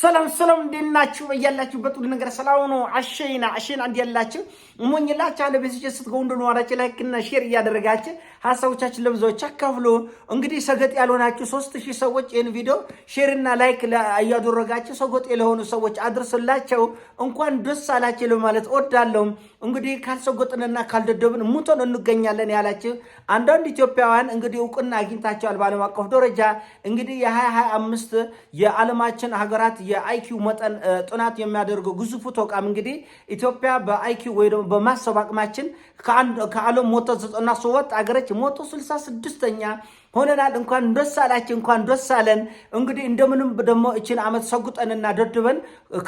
ሰላም ሰላም፣ እንዴት ናችሁ? በያላችሁበት ሁሉ ነገር ሰላም ነው። አሸይና አሸይና እንዴት ያላችሁ ሞኝላችሁ አለ በዚህ ጀስት ጎንዶ ነው ላይክ እና ሼር እያደረጋችሁ ሀሳቦቻችን ለብዙዎች አካፍሉ። እንግዲህ ሰገጥ ያልሆናችሁ ሶስት ሺህ ሰዎች ይሄን ቪዲዮ ሼር እና ላይክ እያደረጋችሁ ሰገጥ ለሆኑ ሰዎች አድርሱላቸው። እንኳን ደስ አላችሁ ለማለት እወዳለሁ። እንግዲህ ካልሰገጥንና ካልደደብን ሙቶን እንገኛለን ያላችሁ አንዳንድ ኢትዮጵያውያን እንግዲህ እውቅና አግኝታቸዋል በዓለም አቀፍ ደረጃ እንግዲህ የ2025 የዓለማችን ሀገራት የአይኪው መጠን ጥናት የሚያደርገው ግዙፉ ተቋም እንግዲህ ኢትዮጵያ በአይኪው ወይ ደግሞ በማሰብ አቅማችን ከዓለም መቶ ዘጠና ሰባት አገረች ሞቶ ስልሳ ስድስተኛ ሆነናል። እንኳን ደስ አላችሁ፣ እንኳን ደስ አለን። እንግዲህ እንደምንም ደግሞ እችን ዓመት ሰጉጠንና ደድበን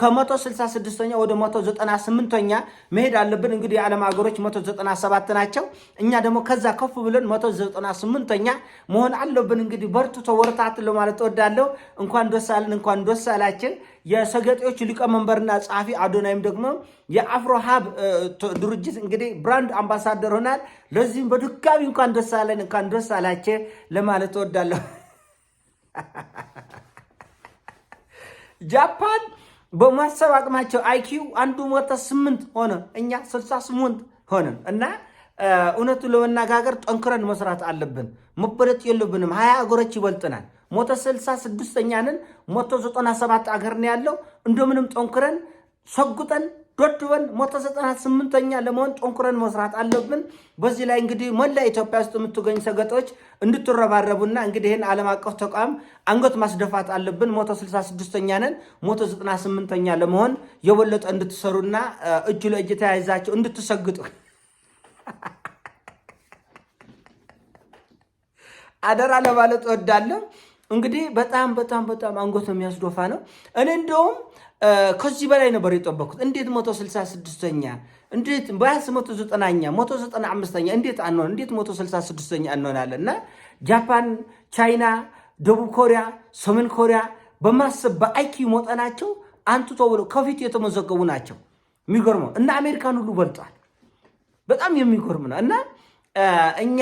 ከመቶ ስልሳ ስድስተኛ ወደ መቶ ዘጠና ስምንተኛ መሄድ አለብን። እንግዲህ የዓለም ሀገሮች መቶ ዘጠና ሰባት ናቸው። እኛ ደግሞ ከዛ ከፍ ብለን መቶ ዘጠና ስምንተኛ መሆን አለብን። እንግዲህ በርቱ ተወርታት ለማለት ወዳለሁ። እንኳን ደስ አለን፣ እንኳን ደስ አላችሁ። እስራኤል የሰገጤዎች ሊቀመንበርና ጸሐፊ አዶናይም ደግሞ የአፍሮሃብ ድርጅት እንግዲህ ብራንድ አምባሳደር ሆናል። ለዚህም በድጋሚ እንኳን ደስ አለን እንኳን ደስ አላቸው ለማለት እወዳለሁ። ጃፓን በማሰብ አቅማቸው አይኪዩ አንዱ መቶ ስምንት ሆነ፣ እኛ ስልሳ ስምንት ሆነ እና እውነቱን ለመነጋገር ጠንክረን መስራት አለብን። መበለጥ የለብንም። ሀያ አገሮች ይበልጥናል። ሞቶ ስልሳ ስድስተኛ ነን። ሞቶ ዘጠና ሰባት አገር ነው ያለው። እንደምንም ጠንኩረን ሰጉጠን ዶድበን ሞቶ ዘጠና ስምንተኛ ለመሆን ጠንኩረን መስራት አለብን። በዚህ ላይ እንግዲህ መላ ኢትዮጵያ ውስጥ የምትገኝ ሰገጦች እንድትረባረቡና እንግዲህ ይህን ዓለም አቀፍ ተቋም አንገት ማስደፋት አለብን። ሞቶ ስልሳ ስድስተኛ ነን። ሞቶ ዘጠና ስምንተኛ ለመሆን የበለጠ እንድትሰሩና እጅ ለእጅ ተያይዛቸው እንድትሰግጡ አደራ ለማለት እወዳለሁ። እንግዲህ በጣም በጣም በጣም አንገት የሚያስዶፋ ነው። እኔ እንደውም ከዚህ በላይ ነበር የጠበኩት። እንዴት መቶ ስልሳ ስድስተኛ እንዴት ባያስ መቶ ዘጠናኛ መቶ ዘጠና አምስተኛ እንዴት አንሆን እንዴት መቶ ስልሳ ስድስተኛ እንሆናለን? እና ጃፓን፣ ቻይና፣ ደቡብ ኮሪያ፣ ሰሜን ኮሪያ በማሰብ በአይኪ መጠናቸው አንትቶ ብለው ከፊት የተመዘገቡ ናቸው። የሚገርመው እና አሜሪካን ሁሉ በልጧል። በጣም የሚገርም ነው እና እኛ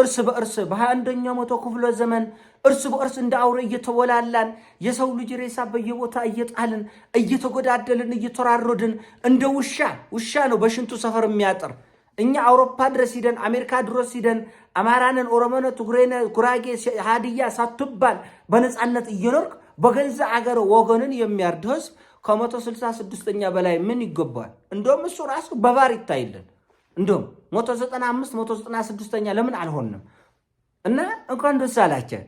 እርስ በእርስ በሃያ አንደኛው መቶ ክፍለ ዘመን እርስ በእርስ እንደ አውሬ እየተወላላን የሰው ልጅ ሬሳ በየቦታ እየጣልን እየተጎዳደልን እየተራሮድን እንደ ውሻ ውሻ ነው በሽንቱ ሰፈር የሚያጥር። እኛ አውሮፓ ድረስ ሂደን አሜሪካ ድረስ ሂደን አማራንን፣ ኦሮሞነ፣ ትግሬነ፣ ጉራጌ፣ ሀዲያ ሳትባል በነፃነት እየኖርክ በገዛ አገር ወገንን የሚያርድ ህዝብ ከመቶ ስልሳ ስድስተኛ በላይ ምን ይገባዋል? እንደውም እሱ ራሱ በባር ይታይልን። እንደውም መቶ ዘጠና አምስት መቶ ዘጠና ስድስተኛ ለምን አልሆንም? እና እንኳን ደስ አላቸው።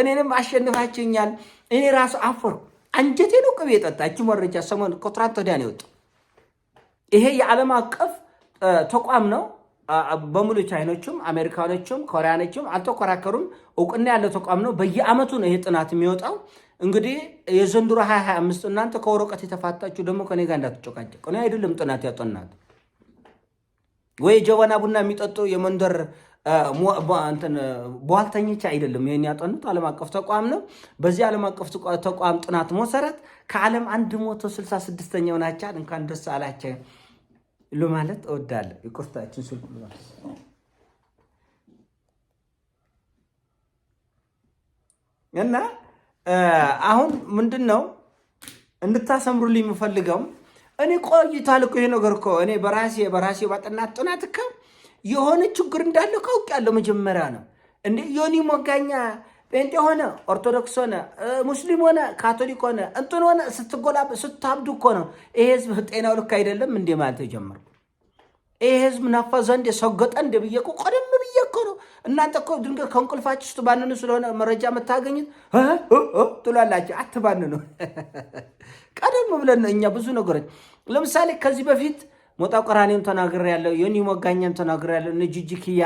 እኔንም አሸንፋችኛል። እኔ ራሱ አፈርኩ፣ አንጀቴ ነው ቅቤ የጠጣ። እጅ መረጃ ሰሞን ከትናንት ወዲያ ነው የወጡ። ይሄ የዓለም አቀፍ ተቋም ነው። በሙሉ ቻይኖችም አሜሪካኖችም ኮሪያኖችም አልተኮራከሩም። እውቅና ያለው ተቋም ነው። በየአመቱ ነው ይሄ ጥናት የሚወጣው። እንግዲህ የዘንድሮ 2025 እናንተ ከወረቀት የተፋታችሁ ደግሞ ከኔ ጋር እንዳትጨቃጨቅ። እኔ አይደለም ጥናት ያጠናት ወይ ጀበና ቡና የሚጠጡ የመንደር ቧልተኞች አይደለም። ይህን ያጠኑት ዓለም አቀፍ ተቋም ነው። በዚህ ዓለም አቀፍ ተቋም ጥናት መሰረት ከዓለም 166ኛው ናቻል። እንኳን ደስ አላቸው ለማለት እወዳለሁ። ይቁርታችን ስል እና አሁን ምንድን ነው እንድታሰምሩልኝ የምፈልገው እኔ ቆይቷል እኮ ይሄ ነገር እኮ እኔ በራሴ በራሴ ባጠናት ጥናት እኮ የሆነ ችግር እንዳለው ከውቅ ያለው መጀመሪያ ነው እንደ ዮኒ ሞጋኛ ጴንጤ ሆነ ኦርቶዶክስ ሆነ ሙስሊም ሆነ ካቶሊክ ሆነ እንትን ሆነ ስትጎላ ስታብዱ እኮ ነው ይሄ ህዝብ ጤናው ልክ አይደለም እንደ ማለት ጀመርኩ። ይሄ ህዝብ ናፋ ዘንድ ሰገጠ እንደ ብዬ እኮ ቀደም ብዬ እኮ ነው። እናንተ እኮ ድንገት ውስጥ ባንኑ ስለሆነ መረጃ የምታገኙት ትሏላቸው። አትባንኑ። ቀደም ብለን እኛ ብዙ ነገሮች ለምሳሌ ከዚህ በፊት ሞጣ ቆራኔም ተናግር ያለው የኒ ሞጋኛም ተናግር ያለው እነ ጅጅክያ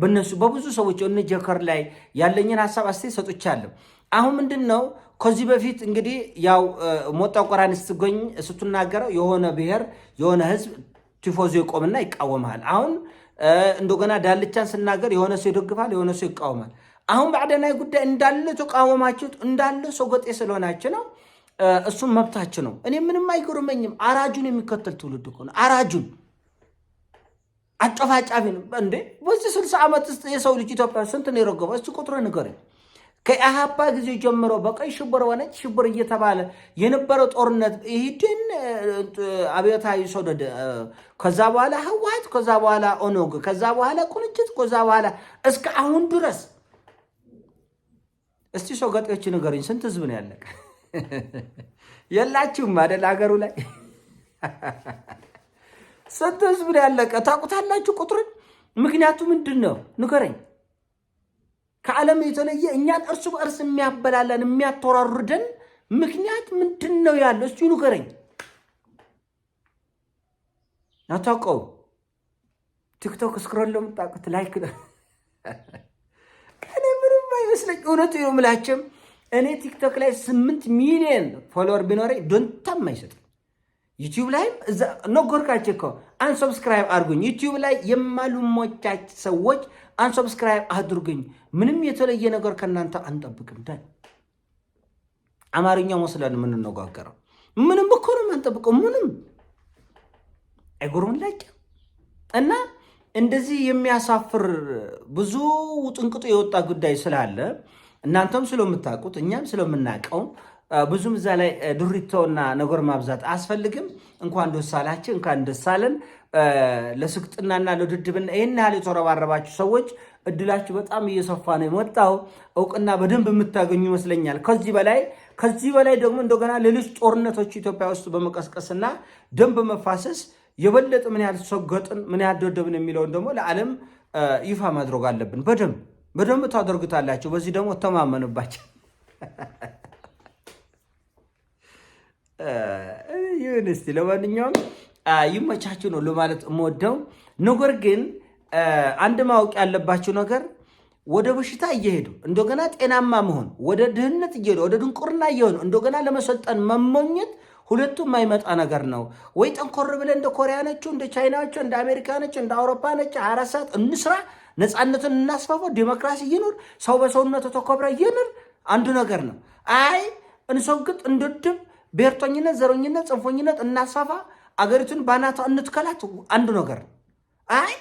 በነሱ በብዙ ሰዎች እነ ጀከር ላይ ያለኝን ሀሳብ አስተያየት ሰጥቻለሁ። አሁን ምንድን ነው ከዚህ በፊት እንግዲህ ያው ሞጣ ቆራኔ ስትገኝ ስትናገረው የሆነ ብሔር የሆነ ህዝብ ቲፎዞ ይቆምና ይቃወማል። አሁን እንደገና ዳልቻን ስናገር የሆነ ሰው ይደግፋል፣ የሆነ ሰው ይቃወማል። አሁን ባዕደናይ ጉዳይ እንዳለ ተቃወማችሁት እንዳለ ሰው ገጤ ስለሆናችሁ ነው እሱም መብታችን ነው። እኔ ምንም አይገርመኝም። አራጁን የሚከተል ትውልድ እኮ ነው። አራጁን አጨፋጫፊ ነው እንዴ! በዚህ ስልሳ ዓመት ውስጥ የሰው ልጅ ኢትዮጵያ ስንት ነው የረገበ? እስቲ ቁጥር ንገረኝ። ከኢህአፓ ጊዜ ጀምሮ በቀይ ሽብር ሆነ ሽብር እየተባለ የነበረው ጦርነት ይህድን አብዮታዊ ሰደድ፣ ከዛ በኋላ ህወሓት፣ ከዛ በኋላ ኦነግ፣ ከዛ በኋላ ቁንጅት፣ ከዛ በኋላ እስከ አሁን ድረስ እስቲ ሰው ገጤዎች ንገረኝ፣ ስንት ህዝብ ነው ያለቀ? የላችሁም አይደል? አገሩ ላይ ስንት ህዝብ ነው ያለቀ? ታውቁታላችሁ ቁጥርን። ምክንያቱ ምንድን ነው ንገረኝ። ከዓለም የተለየ እኛን እርስ በእርስ የሚያበላለን የሚያተራርደን ምክንያት ምንድን ነው ያለ? እሱ ንገረኝ። አታውቀው ቲክቶክ ስክሮል ለምጣቁት ላይክ እኔ ምንም አይመስለኝ እውነቱ ነው እኔ ቲክቶክ ላይ ስምንት ሚሊዮን ፎሎወር ቢኖረኝ ዶንታም አይሰጥም። ዩቲዩብ ላይም እዛ ነገርኳቸው እኮ አንሶብስክራይብ አድርጉኝ። ዩቲዩብ ላይ የማሉሞቻች ሰዎች አንሰብስክራይብ አድርጉኝ። ምንም የተለየ ነገር ከእናንተ አንጠብቅም። ዳይ አማርኛ መስለን የምንነጋገረው ምንም እኮ ነው አንጠብቀው። ምንም አይጎርም ላጭ እና እንደዚህ የሚያሳፍር ብዙ ውጥንቅጡ የወጣ ጉዳይ ስላለ እናንተም ስለምታውቁት እኛም ስለምናውቀው ብዙም እዛ ላይ ድሪቶና ነገር ማብዛት አያስፈልግም። እንኳን ደስ አላችሁ፣ እንኳን ደስ አለን። ለስግጥናና ለድድብና ይህን ያህል የተረባረባችሁ ሰዎች እድላችሁ በጣም እየሰፋ ነው የመጣው። እውቅና በደንብ የምታገኙ ይመስለኛል። ከዚህ በላይ ከዚህ በላይ ደግሞ እንደገና ሌሎች ጦርነቶች ኢትዮጵያ ውስጥ በመቀስቀስና ደም በመፋሰስ የበለጠ ምን ያህል ሰገጥን ምን ያህል ደደብን የሚለውን ደግሞ ለዓለም ይፋ ማድረግ አለብን በደንብ በደንብ ታደርጉታላችሁ። በዚህ ደግሞ ተማመንባቸው። ይህን እስቲ ለማንኛውም ይመቻችሁ ነው ለማለት የምወደው ነገር ግን አንድ ማወቅ ያለባችሁ ነገር ወደ በሽታ እየሄዱ እንደገና ጤናማ መሆን ወደ ድህነት እየሄዱ ወደ ድንቁርና እየሆኑ እንደገና ለመሰልጠን መሞኘት ሁለቱም የማይመጣ ነገር ነው። ወይ ጠንኮር ብለን እንደ ኮሪያ ኮሪያኖቹ፣ እንደ ቻይናዎቹ፣ እንደ አሜሪካ ነች፣ እንደ አውሮፓኖቹ አራት ሰዓት እንስራ ነፃነትን እናስፋፋው፣ ዲሞክራሲ ይኑር፣ ሰው በሰውነቱ ተከብሮ ይኑር አንዱ ነገር ነው። አይ እንሶግጥ፣ እንደድብ፣ ብሔርተኝነት፣ ዘረኝነት፣ ጽንፎኝነት እናስፋፋ፣ አገሪቱን ባናቷ እንትከላት አንዱ ነገር ነው። አይ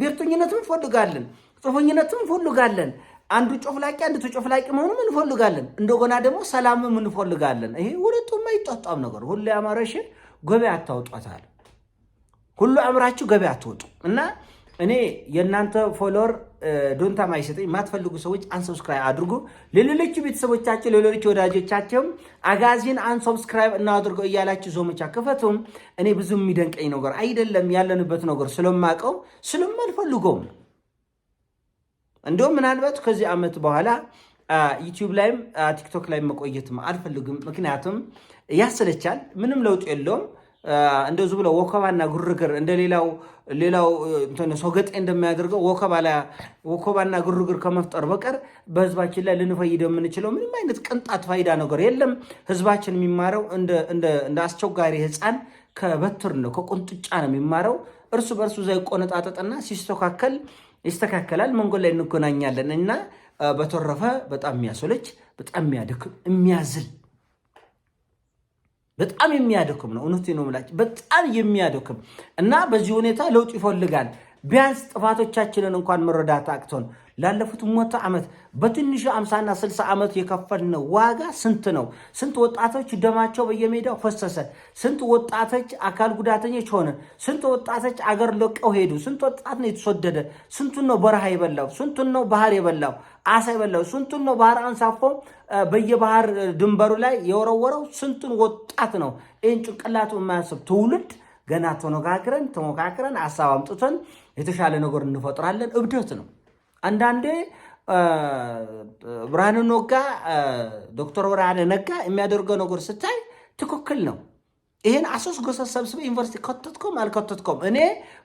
ብሔርተኝነትም እንፈልጋለን፣ ጽንፎኝነትም እንፈልጋለን፣ አንዱ ጮፍላቂ አንዱ ተጨፍላቂ መሆኑም እንፈልጋለን፣ እንደገና ደግሞ ሰላምም እንፈልጋለን። ይሄ ሁለቱም አይጣጣም ነገር ሁሉ ያማረሽን ገበያ አታውጧታል። ሁሉ አምራችሁ ገበያ አትወጡ እና እኔ የእናንተ ፎሎወር ዶንታም አይሰጠኝ። የማትፈልጉ ሰዎች አንሰብስክራይብ አድርጉ። ለሌሎቹ ቤተሰቦቻቸው፣ ለሌሎቹ ወዳጆቻቸውም አጋዚን አንሰብስክራይብ እናድርገው እያላችሁ ዞሞቻ ክፈቱም። እኔ ብዙ የሚደንቀኝ ነገር አይደለም ያለንበት ነገር ስለማቀው ስለማልፈልገውም ነው። እንዲሁም ምናልባት ከዚህ ዓመት በኋላ ዩቲዩብ ላይም ቲክቶክ ላይ መቆየትም አልፈልግም። ምክንያቱም ያስለቻል፣ ምንም ለውጥ የለውም። እንደዙ ብሎ ወከባና ግርግር እንደ ሌላው ሌላው ሰገጤ እንደሚያደርገው ወከባና ግርግር ከመፍጠር በቀር በህዝባችን ላይ ልንፈይደው የምንችለው ምንም አይነት ቅንጣት ፋይዳ ነገር የለም። ህዝባችን የሚማረው እንደ አስቸጋሪ ህፃን ከበትር ነው፣ ከቁንጥጫ ነው የሚማረው። እርሱ በእርሱ ዛ ዘይቆነጣጠጥና ሲስተካከል ይስተካከላል። መንገድ ላይ እንገናኛለን እና በተረፈ በጣም የሚያሰለች በጣም የሚያደክም የሚያዝል በጣም የሚያደክም ነው። እውነቴን ነው የምላችሁ፣ በጣም የሚያደክም እና በዚህ ሁኔታ ለውጥ ይፈልጋል። ቢያንስ ጥፋቶቻችንን እንኳን መረዳት አቅቶን ላለፉት መቶ ዓመት በትንሹ እና 60 ዓመት የከፈልነው ዋጋ ስንት ነው? ስንት ወጣቶች ደማቸው በየሜዳው ፈሰሰ? ስንት ወጣቶች አካል ጉዳተኞች ሆነ? ስንት ወጣቶች አገር ለቀው ሄዱ? ስንት ወጣት ነው የተሰደደ? ስንቱን ነው በረሃ የበላው? ስንቱን ነው ባህር የበላው? አሳ የበላው? ስንቱን ነው ባህር አንሳፎ በየባህር ድንበሩ ላይ የወረወረው? ስንቱን ወጣት ነው ይህን ጭንቅላቱ የማያስብ ትውልድ ገና ተነጋግረን ተሞካክረን ሀሳብ አምጥተን የተሻለ ነገር እንፈጥራለን። እብደት ነው። አንዳንዴ ብርሃን ነጋ ዶክተር ብርሃኑ ነጋ የሚያደርገው ነገር ስታይ ትክክል ነው። ይህን አሶስት ጎሰ ሰብስበ ዩኒቨርሲቲ ከተትኩም አልከተትኩም እኔ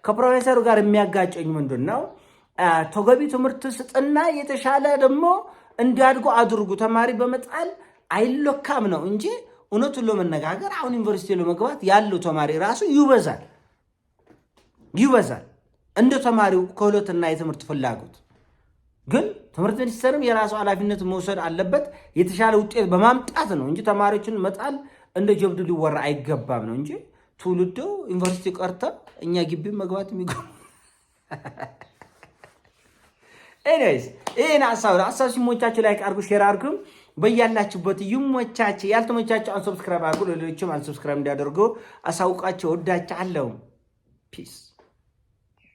ከፕሮፌሰሩ ጋር የሚያጋጨኝ ምንድን ነው? ተገቢ ትምህርት ስጥና የተሻለ ደግሞ እንዲያድጉ አድርጉ። ተማሪ በመጣል አይለካም ነው እንጂ እውነቱን ለመነጋገር አሁን ዩኒቨርሲቲ ለመግባት ያለው ተማሪ ራሱ ይበዛል ይበዛል እንደ ተማሪው ክህሎትና የትምህርት ፍላጎት ግን ትምህርት ሚኒስቴርም የራሱ ኃላፊነት መውሰድ አለበት። የተሻለ ውጤት በማምጣት ነው እንጂ ተማሪዎችን መጣል እንደ ጀብዱ ሊወራ አይገባም ነው እንጂ ትውልዶ ዩኒቨርሲቲ ቀርተ እኛ ግቢ መግባት የሚገ ኤኒዌይስ ይህን ሀሳብ ሀሳብ ሲሞቻችሁ ላይክ አድርጉ፣ ሼር አድርጉም በያላችሁበት ይሞቻችሁ። ያልተሞቻችሁ አንሶብስክራይብ አድርጉ። ሌሎችም አንሶብስክራይብ እንዲያደርጉ አሳውቃቸው። ወዳችኋለሁ። ፒስ